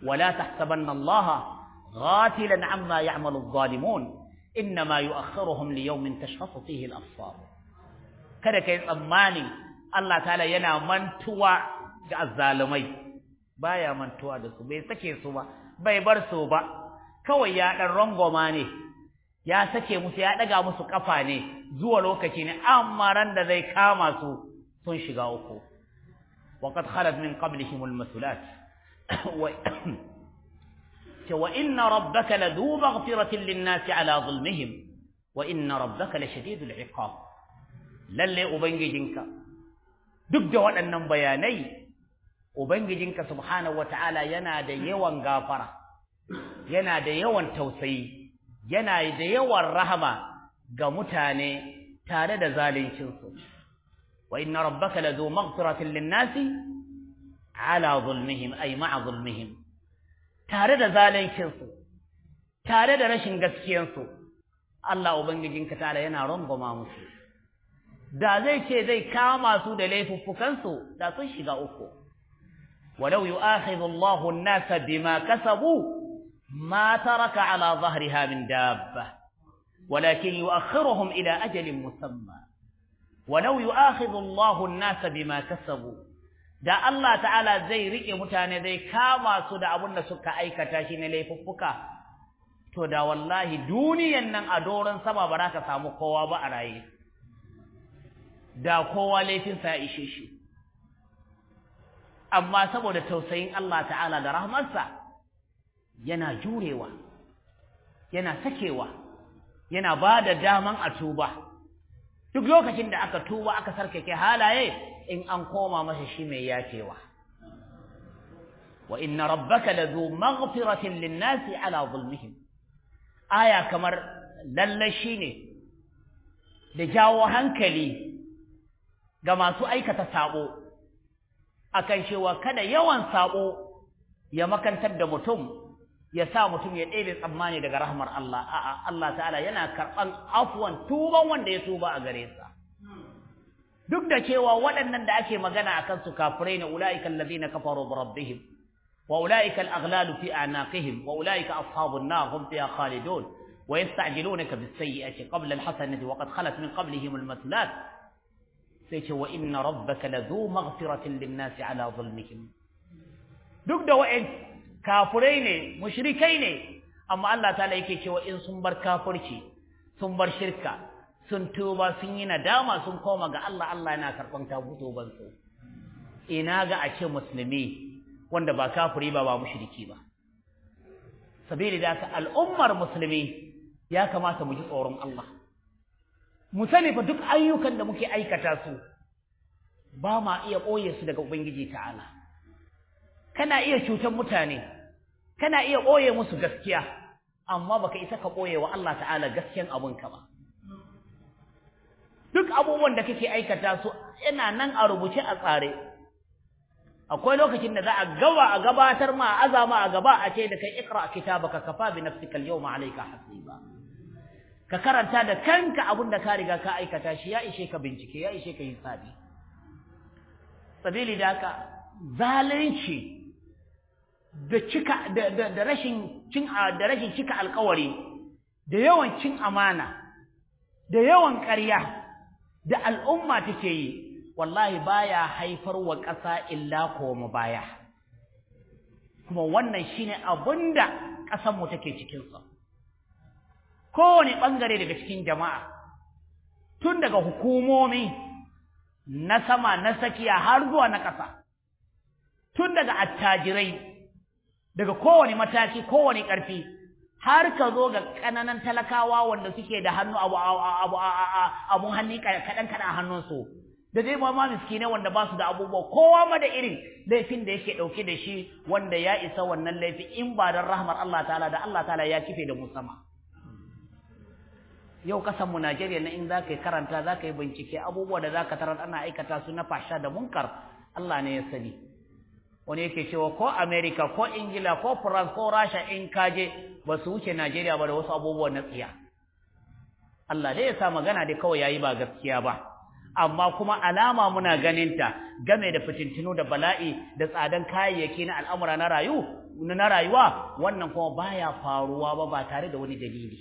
wala tahsabanna allaha ghatilan amma ya'malu adh-dhalimun innama yu'akhiruhum li yawmin tashkhasu fihi al-absar kada kai tsammani Allah ta'ala yana mantuwa ga azzalumai baya mantuwa da su bai sake su ba bai bar su ba kawai ya dan rangoma ne ya sake musu ya daga musu kafa ne zuwa lokaci ne amma ran da zai kama su sun shiga uku waqad khalat min qablihim almasulat wa inna rabbaka ladhu maghfiratin lin-nasi ala zulmihim wa inna rabbaka lashadidul iqab lalle ubangijinka duk da waɗannan bayanai ubangijinka subhanahu wataala yana da yawan gafara yana da yawan tausayi yana da yawan rahama ga mutane tare da zalincin su wa inna rabbaka la zu maghfiratin lin-nasi ala zulmihim ay ma'a zulmihim tare da zalincin su tare da rashin su Allah ubangijin ka ta'ala yana rangoma musu da zai ce zai kama su da laifuffukan su da sun shiga uku walau yu'akhidhu Allahu an-nasa bima kasabu ما ترك على ظهرها من دابة ولكن يؤخرهم إلى أجل مسمى ولو يؤاخذ الله الناس بما كسبوا دا الله تعالى زي رئي متانة زي كاما سودا أبونا سكا أي كتاشين لي ففكا تو دا والله دوني أن أدورا سما براك سامو قوابا أرأي دا قوالي في فائشيشي أما سبب دا توسين الله تعالى دا رحمة yana jurewa yana sakewa yana ba da daman a tuba duk lokacin da aka tuba aka sarkake halaye in an koma masa shi mai yafewa wa inna rabbaka lazu maghfiratin linnasi ala zulmihim aya kamar lalle ne, da jawo hankali ga masu aikata sabo akan cewa kada yawan saɓo ya makantar da mutum ya sa mutum ya ɗebe tsammani daga rahmar Allah a'a Allah ta'ala yana karɓan afwan tuban wanda ya tuba a gare sa duk da cewa waɗannan da ake magana akan su kafirai ne ula'ika allazina kafaru bi rabbihim wa ula'ika al-aghlalu fi anaqihim wa ula'ika ashabun nar hum fiha khalidun wa yasta'jilunaka bis sayyi'ati qabla al-hasanati wa qad khalat min qablihim al-mathulat sai ce wa inna rabbaka ladhu maghfiratin lin-nasi ala zulmihim duk da wa'in kafurai ne mushrikai ne amma Allah ta'ala yake cewa in sun bar kafirci sun bar shirka sun tuba sun yi nadama sun koma ga Allah Allah yana karban tuban su ina ga a ce musulmi wanda ba kafiri ba ba mushriki ba sabili da ka al'ummar musulmi ya kamata mu ji tsoron Allah mu sani fa duk ayyukan da muke aikata su ba ma iya ɓoye su daga Ubangiji ta'ala, kana iya cutar mutane, kana iya boye musu gaskiya amma baka isa ka boye wa Allah ta'ala gaskiyan abun ka ba duk abubuwan da kake aikata su ina nan a rubuce a tsare akwai lokacin da za a gawa a gabatar ma a azama a gaba a ce da kai ikra kitabaka kafa bi nafsika al-yawma alayka hasiba ka karanta da kanka abun da ka riga ka aikata shi ya ishe ka bincike ya ishe ka hisabi sabili da ka zalunci da cika da rashin cin da rashin cika alƙawari da yawan cin amana da yawan ƙarya da al'umma take yi wallahi baya haifar wa ƙasa illa ko koma baya kuma wannan shine abinda ƙasar mu take cikin sa kowane bangare daga cikin jama'a tun daga hukumomi na sama na sakiya har zuwa na ƙasa tun daga attajirai daga kowane mataki kowane ƙarfi har ka zo ga ƙananan talakawa wanda suke da hannu abu abu abun hannu kaɗan kaɗan a hannunsu da ba ma miskinai wanda ba su da abubuwa kowa ma da irin laifin da yake ɗauke da shi wanda ya isa wannan laifi in ba don rahmar Allah ta'ala da Allah ta'ala ya kife da mu sama yau kasan mu Najeriya na in za ka yi karanta za ka yi bincike abubuwa da za ka tarar ana aikata su na fasha da munkar Allah ne ya sani wani yake cewa ko America ko Ingila ko France ko Rasha, in kaje ba su wuce Najeriya ba da wasu abubuwan na tsiya Allah dai ya sa magana dai kawai yayi ba gaskiya ba amma kuma alama muna ganinta game da fitintinu da bala'i da tsadan kayayyaki na al'amura na rayu na rayuwa wannan kuma baya faruwa ba ba tare da wani dalili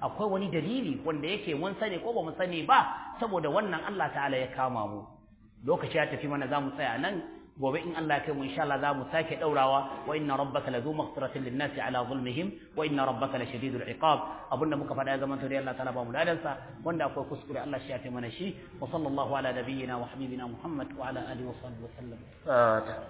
akwai wani dalili wanda yake mun sani ko ba mu sani ba saboda wannan Allah ta'ala ya kama mu lokaci ya tafi mana za mu tsaya nan gobe in Allah kai mu insha Allah za mu sake daurawa wa inna rabbaka lazu maghfiratin lin nasi ala zulmihim wa inna rabbaka lashadidul iqab abunda muka faɗa zaman to dai Allah ta'ala ba mu ladan sa wanda akwai kuskure Allah shi ya taimana shi wa sallallahu ala nabiyyina wa habibina muhammad wa ala alihi wa sahbihi wa sallam